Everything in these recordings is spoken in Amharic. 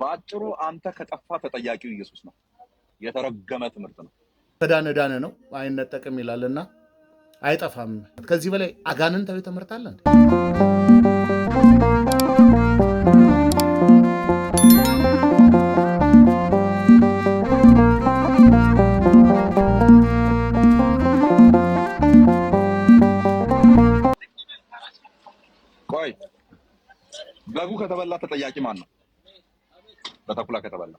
በአጭሩ አንተ ከጠፋ ተጠያቂው ኢየሱስ ነው። የተረገመ ትምህርት ነው። ከዳነ ዳነ ነው፣ አይነጠቅም ይላል ና አይጠፋም። ከዚህ በላይ አጋንንታዊ ትምህርት አለን። ቆይ በጉ ከተበላ ተጠያቂ ማን ነው? በተኩላ ከተበላ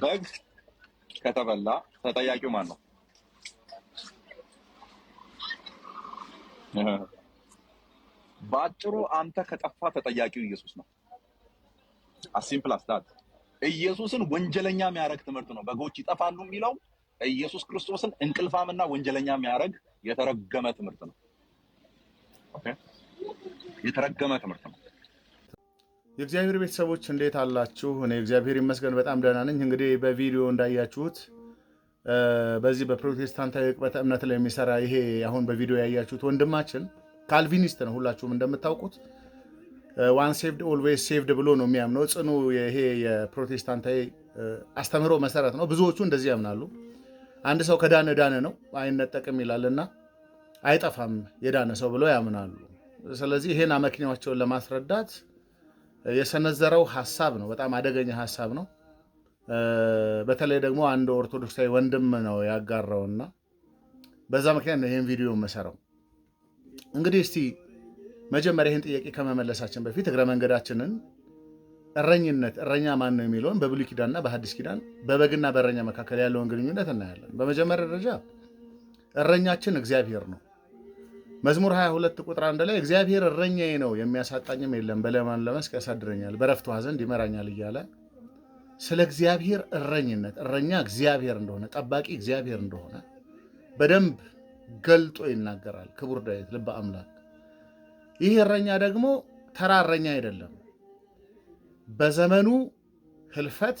በግ ከተበላ ተጠያቂው ማን ነው? በአጭሩ አንተ ከጠፋ ተጠያቂው ኢየሱስ ነው። አሲምፕል አስታት ኢየሱስን ወንጀለኛ የሚያደርግ ትምህርት ነው። በጎች ይጠፋሉ የሚለው ኢየሱስ ክርስቶስን እንቅልፋምና ወንጀለኛ የሚያደርግ የተረገመ ትምህርት ነው። ኦኬ የተረገመ ትምህርት ነው። የእግዚአብሔር ቤተሰቦች እንዴት አላችሁ? እኔ እግዚአብሔር ይመስገን በጣም ደህና ነኝ። እንግዲህ በቪዲዮ እንዳያችሁት በዚህ በፕሮቴስታንታዊ ቅበተ እምነት ላይ የሚሰራ ይሄ አሁን በቪዲዮ ያያችሁት ወንድማችን ካልቪኒስት ነው። ሁላችሁም እንደምታውቁት ዋን ሴቭድ ኦልዌይስ ሴቭድ ብሎ ነው የሚያምነው። ጽኑ ይሄ የፕሮቴስታንታዊ አስተምህሮ መሰረት ነው። ብዙዎቹ እንደዚህ ያምናሉ። አንድ ሰው ከዳነ ዳነ ነው አይነጠቅም ይላልና አይጠፋም የዳነ ሰው ብለው ያምናሉ። ስለዚህ ይሄን አመክንዮአቸውን ለማስረዳት የሰነዘረው ሀሳብ ነው። በጣም አደገኛ ሀሳብ ነው። በተለይ ደግሞ አንድ ኦርቶዶክሳዊ ወንድም ነው ያጋራውና በዛ ምክንያት ነው ይህን ቪዲዮ የምሰራው። እንግዲህ እስቲ መጀመሪያ ይህን ጥያቄ ከመመለሳችን በፊት እግረ መንገዳችንን እረኝነት እረኛ ማን ነው የሚለውን በብሉይ ኪዳንና በሐዲስ ኪዳን በበግና በእረኛ መካከል ያለውን ግንኙነት እናያለን። በመጀመሪያ ደረጃ እረኛችን እግዚአብሔር ነው። መዝሙር 22 ቁጥር አንድ ላይ እግዚአብሔር እረኛዬ ነው የሚያሳጣኝም የለም፣ በለማን ለመስክ ያሳድረኛል፣ በረፍት ዘንድ ይመራኛል እያለ ስለ እግዚአብሔር እረኝነት እረኛ እግዚአብሔር እንደሆነ ጠባቂ እግዚአብሔር እንደሆነ በደንብ ገልጦ ይናገራል ክቡር ዳዊት ልበ አምላክ። ይህ እረኛ ደግሞ ተራ እረኛ አይደለም። በዘመኑ ህልፈት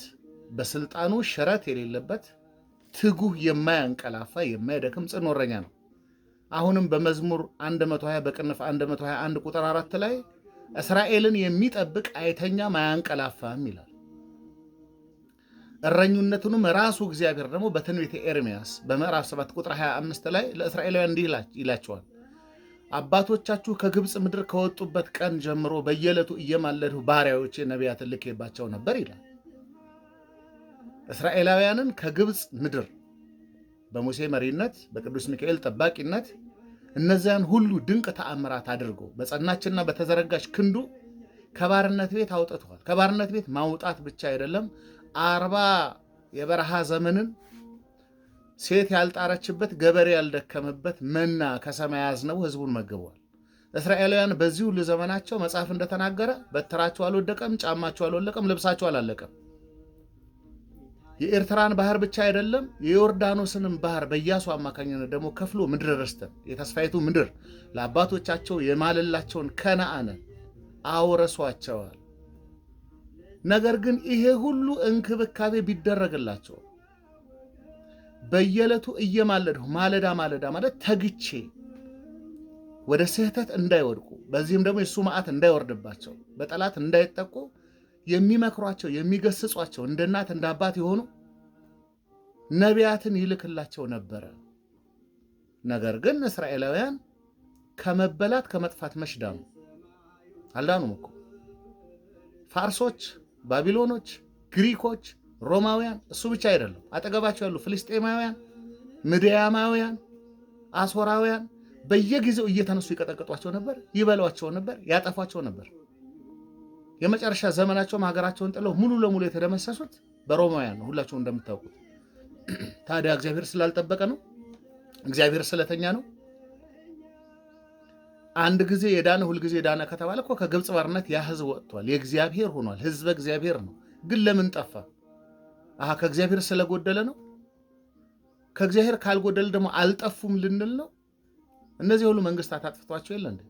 በስልጣኑ ሽረት የሌለበት ትጉህ የማያንቀላፋ የማይደክም ጽኑ እረኛ ነው። አሁንም በመዝሙር 120 በቅንፍ 121 ቁጥር አራት ላይ እስራኤልን የሚጠብቅ አይተኛም አያንቀላፋም ይላል። እረኙነቱንም ራሱ እግዚአብሔር ደግሞ በትንቢተ ኤርምያስ በምዕራፍ 7 ቁጥር 25 ላይ ለእስራኤላውያን እንዲህ ይላቸዋል፣ አባቶቻችሁ ከግብፅ ምድር ከወጡበት ቀን ጀምሮ በየዕለቱ እየማለድሁ ባሪያዎቼ ነቢያትን ልኬባቸው ነበር ይላል። እስራኤላውያንን ከግብፅ ምድር በሙሴ መሪነት በቅዱስ ሚካኤል ጠባቂነት እነዚያን ሁሉ ድንቅ ተአምራት አድርጎ በጸናችና በተዘረጋች ክንዱ ከባርነት ቤት አውጥተዋል። ከባርነት ቤት ማውጣት ብቻ አይደለም፣ አርባ የበረሃ ዘመንን ሴት ያልጣረችበት ገበሬ ያልደከመበት መና ከሰማይ አዝነው ህዝቡን መግቧል። እስራኤላውያን በዚህ ሁሉ ዘመናቸው መጽሐፍ እንደተናገረ በትራቸው አልወደቀም፣ ጫማቸው አልወለቀም፣ ልብሳቸው አላለቀም። የኤርትራን ባህር ብቻ አይደለም የዮርዳኖስንም ባህር በኢያሱ አማካኝነት ደግሞ ከፍሎ ምድረ ርስትም የተስፋይቱ ምድር ለአባቶቻቸው የማለላቸውን ከነአነ አውረሷቸዋል። ነገር ግን ይሄ ሁሉ እንክብካቤ ቢደረግላቸው በየዕለቱ እየማለድሁ ማለዳ ማለዳ ማለት ተግቼ ወደ ስህተት እንዳይወድቁ በዚህም ደግሞ የእሱ መዓት እንዳይወርድባቸው በጠላት እንዳይጠቁ የሚመክሯቸው የሚገስጿቸው እንደ እናት እንደ አባት የሆኑ ነቢያትን ይልክላቸው ነበረ። ነገር ግን እስራኤላውያን ከመበላት ከመጥፋት መሽዳኑ አልዳኑም እኮ ፋርሶች፣ ባቢሎኖች፣ ግሪኮች፣ ሮማውያን እሱ ብቻ አይደለም። አጠገባቸው ያሉ ፍልስጤማውያን፣ ምድያማውያን፣ አሶራውያን በየጊዜው እየተነሱ ይቀጠቅጧቸው ነበር፣ ይበሏቸው ነበር፣ ያጠፏቸው ነበር። የመጨረሻ ዘመናቸውም ሀገራቸውን ጥለው ሙሉ ለሙሉ የተደመሰሱት በሮማውያን ነው፣ ሁላቸው እንደምታውቁት። ታዲያ እግዚአብሔር ስላልጠበቀ ነው? እግዚአብሔር ስለተኛ ነው? አንድ ጊዜ የዳነ ሁልጊዜ የዳነ ከተባለ እኮ ከግብፅ ባርነት ያ ህዝብ ወጥቷል፣ የእግዚአብሔር ሆኗል፣ ህዝበ እግዚአብሔር ነው። ግን ለምን ጠፋ? አሀ ከእግዚአብሔር ስለጎደለ ነው። ከእግዚአብሔር ካልጎደለ ደግሞ አልጠፉም ልንል ነው። እነዚህ ሁሉ መንግስታት አጥፍቷቸው የለ እንዴ?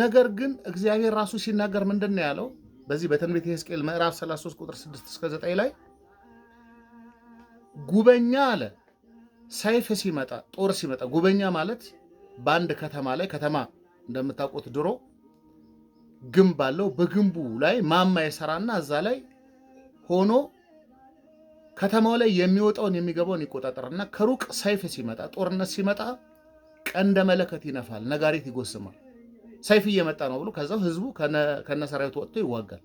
ነገር ግን እግዚአብሔር ራሱ ሲናገር ምንድን ነው ያለው? በዚህ በትንቢተ ሕዝቅኤል ምዕራፍ 33 ቁጥር 6 እስከ 9 ላይ ጉበኛ አለ ሰይፍ ሲመጣ ጦር ሲመጣ፣ ጉበኛ ማለት በአንድ ከተማ ላይ ከተማ እንደምታውቁት ድሮ ግንብ አለው። በግንቡ ላይ ማማ የሰራና እዛ ላይ ሆኖ ከተማው ላይ የሚወጣውን የሚገባውን ይቆጣጠርና ከሩቅ ሰይፍ ሲመጣ፣ ጦርነት ሲመጣ ቀንደ መለከት ይነፋል፣ ነጋሪት ይጎስማል። ሰይፍ እየመጣ ነው ብሎ ከዛው ህዝቡ ከነሰራዊቱ ወጥቶ ይዋጋል።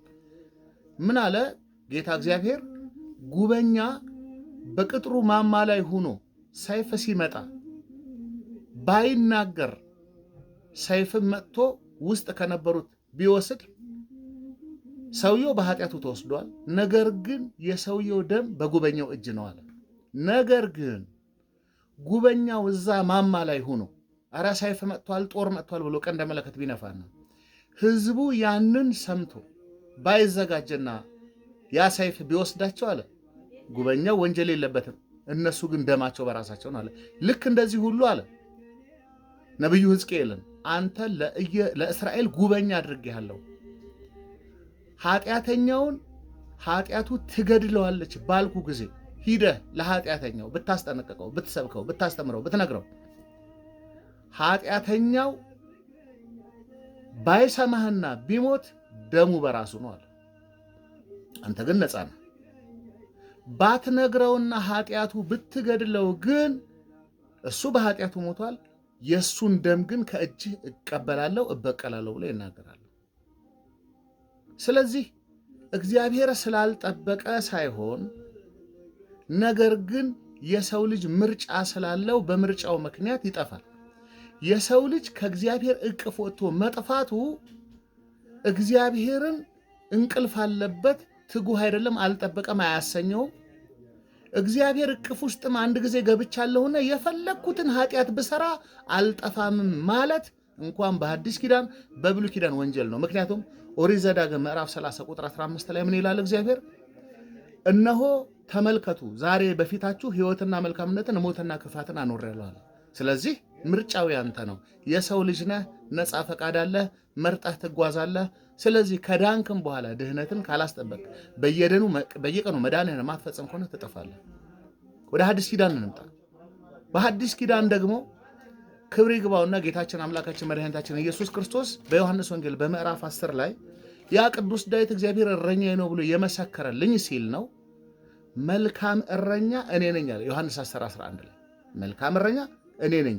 ምን አለ ጌታ እግዚአብሔር፣ ጉበኛ በቅጥሩ ማማ ላይ ሆኖ ሰይፍ ሲመጣ ባይናገር ሰይፍን መጥቶ ውስጥ ከነበሩት ቢወስድ ሰውየው በኃጢአቱ ተወስዷል። ነገር ግን የሰውየው ደም በጉበኛው እጅ ነው አለ። ነገር ግን ጉበኛው እዛ ማማ ላይ ሆኖ አረ ሰይፍ መጥቷል፣ ጦር መጥቷል ብሎ ቀንደ መለከት ቢነፋና ህዝቡ ያንን ሰምቶ ባይዘጋጅና ያ ሰይፍ ቢወስዳቸው አለ ጉበኛው ወንጀል የለበትም። እነሱ ግን ደማቸው ነው አለ። ልክ እንደዚህ ሁሉ አለ ነቢዩ ሕዝቅኤልን አንተ ለእስራኤል ጉበኛ አድርጌሃለሁ፣ ኃጢአተኛውን ኃጢአቱ ትገድለዋለች ባልኩ ጊዜ ሂደህ ለኃጢአተኛው ብታስጠነቀቀው ብትሰብከው፣ ብታስተምረው፣ ብትነግረው ኃጢአተኛው ባይሰማህና ቢሞት ደሙ በራሱ ነው አለ። አንተ ግን ነፃ ነህ። ባትነግረውና ኃጢአቱ ብትገድለው ግን እሱ በኃጢአቱ ሞቷል፣ የእሱን ደም ግን ከእጅህ እቀበላለሁ እበቀላለሁ ብሎ ይናገራል። ስለዚህ እግዚአብሔር ስላልጠበቀ ሳይሆን ነገር ግን የሰው ልጅ ምርጫ ስላለው በምርጫው ምክንያት ይጠፋል። የሰው ልጅ ከእግዚአብሔር እቅፍ ወጥቶ መጥፋቱ እግዚአብሔርን እንቅልፍ አለበት፣ ትጉህ አይደለም፣ አልጠበቀም፣ አያሰኘውም። እግዚአብሔር እቅፍ ውስጥም አንድ ጊዜ ገብቻለሁና የፈለግኩትን ኃጢአት ብሰራ አልጠፋምም ማለት እንኳን በአዲስ ኪዳን በብሉ ኪዳን ወንጀል ነው። ምክንያቱም ኦሪት ዘዳግም ምዕራፍ 30 ቁጥር 15 ላይ ምን ይላል እግዚአብሔር? እነሆ ተመልከቱ፣ ዛሬ በፊታችሁ ሕይወትና መልካምነትን ሞትና ክፋትን አኖሬያለሁ። ስለዚህ ምርጫው ያንተ ነው። የሰው ልጅ ነህ፣ ነፃ ፈቃድ አለህ፣ መርጠህ ትጓዛለህ። ስለዚህ ከዳንክም በኋላ ድህነትን ካላስጠበቅ በየቀኑ መዳንህን ማትፈጸም ከሆነ ትጠፋለህ። ወደ ሐዲስ ኪዳን እንምጣ። በሐዲስ ኪዳን ደግሞ ክብር ይግባውና ጌታችን አምላካችን መድኃኒታችን ኢየሱስ ክርስቶስ በዮሐንስ ወንጌል በምዕራፍ 10 ላይ ያ ቅዱስ ዳዊት እግዚአብሔር እረኛዬ ነው ብሎ የመሰከረልኝ ሲል ነው። መልካም እረኛ እኔ ነኝ አለ ዮሐንስ 10 11 ላይ መልካም እረኛ እኔ ነኝ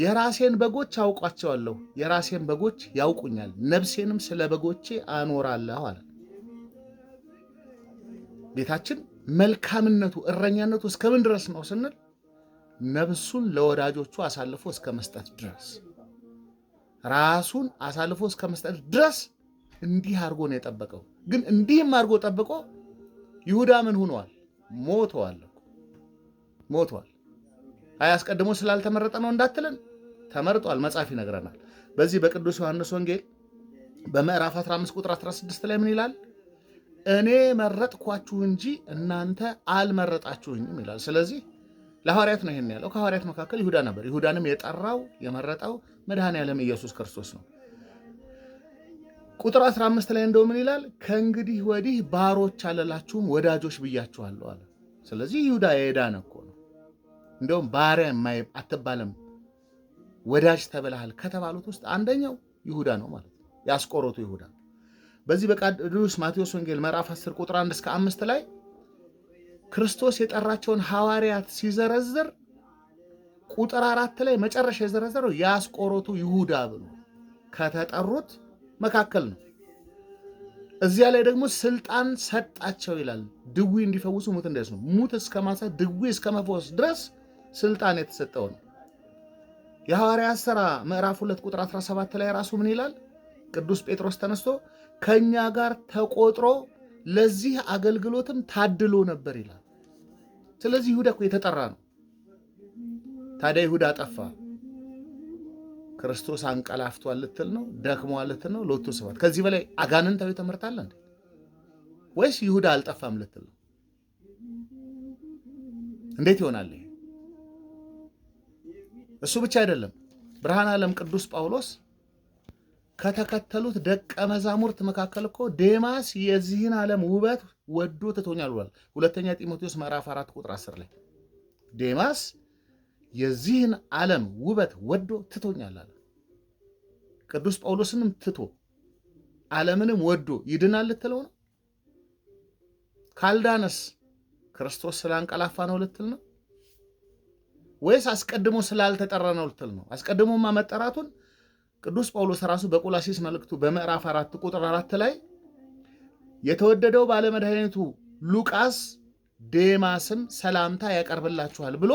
የራሴን በጎች አውቋቸዋለሁ፣ የራሴን በጎች ያውቁኛል፣ ነፍሴንም ስለ በጎቼ አኖራለሁ አለ ጌታችን። መልካምነቱ እረኛነቱ እስከምን ድረስ ነው ስንል ነፍሱን ለወዳጆቹ አሳልፎ እስከ መስጠት ድረስ ራሱን አሳልፎ እስከ መስጠት ድረስ እንዲህ አድርጎ ነው የጠበቀው። ግን እንዲህም አድርጎ ጠብቆ ይሁዳ ምን ሆኗል? ሞተዋል፣ ሞተዋል። አይ አስቀድሞ ስላልተመረጠ ነው እንዳትለን፣ ተመርጧል። መጽሐፍ ይነግረናል። በዚህ በቅዱስ ዮሐንስ ወንጌል በምዕራፍ 15 ቁጥር 16 ላይ ምን ይላል? እኔ መረጥኳችሁ እንጂ እናንተ አልመረጣችሁኝም ይላል። ስለዚህ ለሐዋርያት ነው ይሄን ያለው። ከሐዋርያት መካከል ይሁዳ ነበር። ይሁዳንም የጠራው የመረጠው መድኃኔ ዓለም ኢየሱስ ክርስቶስ ነው። ቁጥር 15 ላይ እንደው ምን ይላል? ከእንግዲህ ወዲህ ባሮች አለላችሁም ወዳጆች ብያችኋለሁ አለ። ስለዚህ ይሁዳ የዳነ እኮ ነው። እንደውም ባሪያ የማይ አትባልም ወዳጅ ተብለሃል ከተባሉት ውስጥ አንደኛው ይሁዳ ነው ማለት ነው። ያስቆሮቱ ይሁዳ በዚህ በቅዱስ ማቴዎስ ወንጌል ምዕራፍ 10 ቁጥር 1 እስከ 5 ላይ ክርስቶስ የጠራቸውን ሐዋርያት ሲዘረዝር ቁጥር አራት ላይ መጨረሻ የዘረዘረው የአስቆሮቱ ይሁዳ ብሎ ከተጠሩት መካከል ነው። እዚያ ላይ ደግሞ ስልጣን ሰጣቸው ይላል። ድዊ እንዲፈውሱ ሙት እንደስ ነው ሙት እስከ ማንሳት ድዊ እስከ መፈወስ ድረስ ስልጣን የተሰጠው ነው። የሐዋርያት ሥራ ምዕራፍ 2 ቁጥር 17 ላይ ራሱ ምን ይላል? ቅዱስ ጴጥሮስ ተነስቶ ከእኛ ጋር ተቆጥሮ ለዚህ አገልግሎትም ታድሎ ነበር ይላል። ስለዚህ ይሁዳ እኮ የተጠራ ነው። ታዲያ ይሁዳ ጠፋ። ክርስቶስ አንቀላፍቷል ልትል ነው? ደክሟል ልትል ነው? ሎቱ ስብሐት። ከዚህ በላይ አጋንንታዊ ትምህርት አለ እንዴ? ወይስ ይሁዳ አልጠፋም ልትል ነው? እንዴት ይሆናል? እሱ ብቻ አይደለም። ብርሃን ዓለም ቅዱስ ጳውሎስ ከተከተሉት ደቀ መዛሙርት መካከል እኮ ዴማስ የዚህን ዓለም ውበት ወዶ ትቶኛል ብሏል። ሁለተኛ ጢሞቴዎስ ምዕራፍ አራት ቁጥር አስር ላይ ዴማስ የዚህን ዓለም ውበት ወዶ ትቶኛል አለ። ቅዱስ ጳውሎስንም ትቶ ዓለምንም ወዶ ይድናል ልትለው ነው? ካልዳነስ ክርስቶስ ስላንቀላፋ ነው ልትል ነው? ወይስ አስቀድሞ ስላልተጠራ ነው ልትል ነው? አስቀድሞማ መጠራቱን ቅዱስ ጳውሎስ ራሱ በቆላሲስ መልእክቱ በምዕራፍ አራት ቁጥር አራት ላይ የተወደደው ባለመድኃኒቱ ሉቃስ ዴማስም ሰላምታ ያቀርብላችኋል ብሎ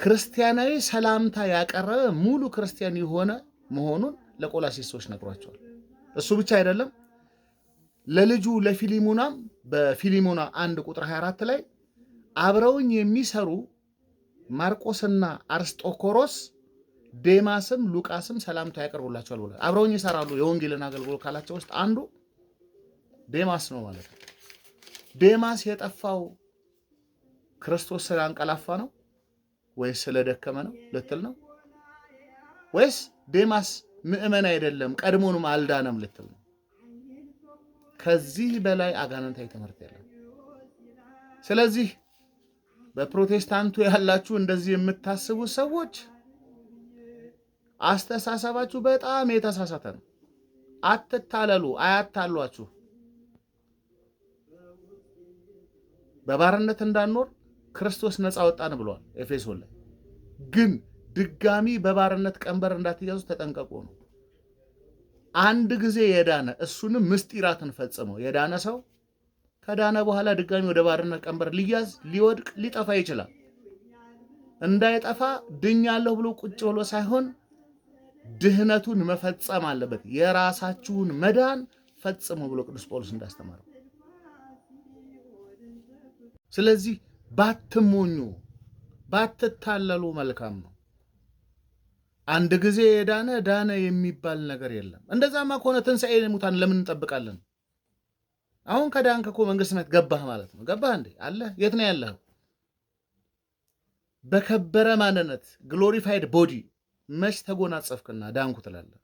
ክርስቲያናዊ ሰላምታ ያቀረበ ሙሉ ክርስቲያን የሆነ መሆኑን ለቆላሲስ ሰዎች ነግሯቸዋል። እሱ ብቻ አይደለም ለልጁ ለፊሊሞናም በፊሊሞና አንድ ቁጥር 24 ላይ አብረውኝ የሚሰሩ ማርቆስና አርስጦኮሮስ ዴማስም ሉቃስም ሰላምታ ያቀርቡላቸዋል ብሏል። አብረውኝ ይሰራሉ የወንጌልን አገልግሎት ካላቸው ውስጥ አንዱ ዴማስ ነው ማለት ነው። ዴማስ የጠፋው ክርስቶስ ስላንቀላፋ ነው ወይስ ስለደከመ ነው ልትል ነው ወይስ ዴማስ ምእመን አይደለም ቀድሞንም አልዳነም ልትል ነው? ከዚህ በላይ አጋንንታዊ ትምህርት የለም። ስለዚህ በፕሮቴስታንቱ ያላችሁ እንደዚህ የምታስቡ ሰዎች አስተሳሰባችሁ በጣም የተሳሳተ ነው። አትታለሉ፣ አያታሏችሁ። በባርነት እንዳንኖር ክርስቶስ ነፃ ወጣን ብሏል ኤፌሶን ላይ። ግን ድጋሚ በባርነት ቀንበር እንዳትያዙ ተጠንቀቁ ነው። አንድ ጊዜ የዳነ እሱንም ምስጢራትን ፈጽመው የዳነ ሰው ከዳነ በኋላ ድጋሚ ወደ ባርነት ቀንበር ሊያዝ ሊወድቅ ሊጠፋ ይችላል። እንዳይጠፋ ድኛለሁ ብሎ ቁጭ ብሎ ሳይሆን ድህነቱን መፈጸም አለበት። የራሳችሁን መዳን ፈጽሙ ብሎ ቅዱስ ጳውሎስ እንዳስተማረው። ስለዚህ ባትሞኙ፣ ባትታለሉ መልካም ነው። አንድ ጊዜ የዳነ ዳነ የሚባል ነገር የለም። እንደዛማ ከሆነ ትንሣኤ ሙታን ለምን እንጠብቃለን? አሁን ከዳንክ እኮ መንግስት ነት ገባህ ማለት ነው። ገባህ እንዴ? አለ የት ነው ያለው በከበረ ማንነት ግሎሪፋይድ ቦዲ መች ተጎናጸፍክና ዳንኩ ትላለህ?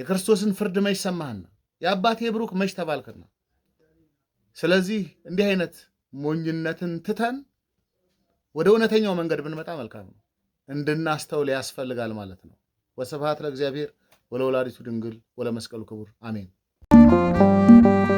የክርስቶስን ፍርድ መች ሰማህና የአባቴ ብሩክ መች ተባልክና? ስለዚህ እንዲህ አይነት ሞኝነትን ትተን ወደ እውነተኛው መንገድ ብንመጣ መልካም ነው፣ እንድናስተውል ያስፈልጋል ማለት ነው። ወስብሐት ለእግዚአብሔር ወለወላዲቱ ድንግል ወለመስቀሉ ክቡር አሜን። Thank you.